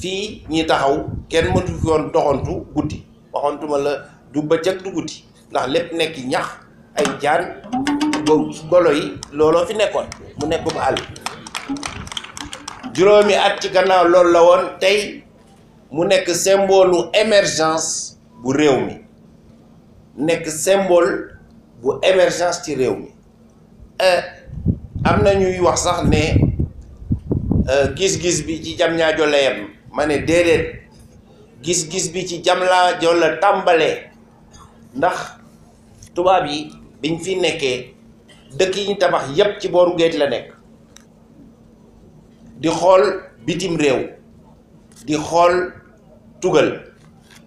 fii ñi taxaw kenn mëntu fi woon doxantu guddi waxantuma la du bëccëg du guddi ndax lépp nekk ñax ay jaan golo yi looloo fi nekkoon mu nekk bu àll juróomi at ci gannaaw loolu la woon tey mu nekk symbole u bu réew mi nekk symbole bu émergence ci réew mi eh, am na ñuy wax sax ne eh, gis-gis bi ci jam ñaajo la yem mane ne déedéet gis-gis bi ci Jamla Jolla tàmbalee ndax tubaab yi biñ fi nekkee dëkk yi ñu tabax yépp ci booru géej la nekk di xool bitim réew di xool tugal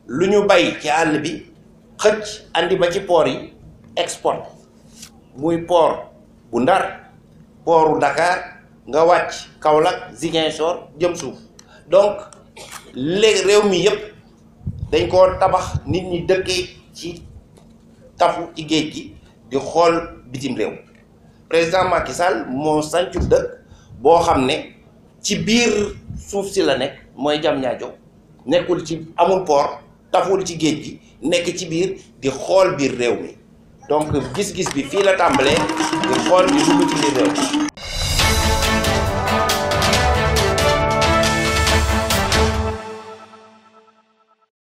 lu ñu bay ci àll bi xëcc andi ba ci port yi export muy port bu Ndar pooru Dakar nga wàcc kawla Ziguinchor jëm suuf donc léegi réew mi yépp dañ koo tabax nit ñi dëkkee ci tafu ci géej gi di xool bitim réew président Macky Sall moo sancu dëkk boo xam ne ci biir suuf si la nekk mooy jam ñaajo nekkul ci amul port taful ci géej gi nekk ci biir di xool biir réew mi donc gis-gis bi fii la tàmbalee di xool di dugg ci biir réew mi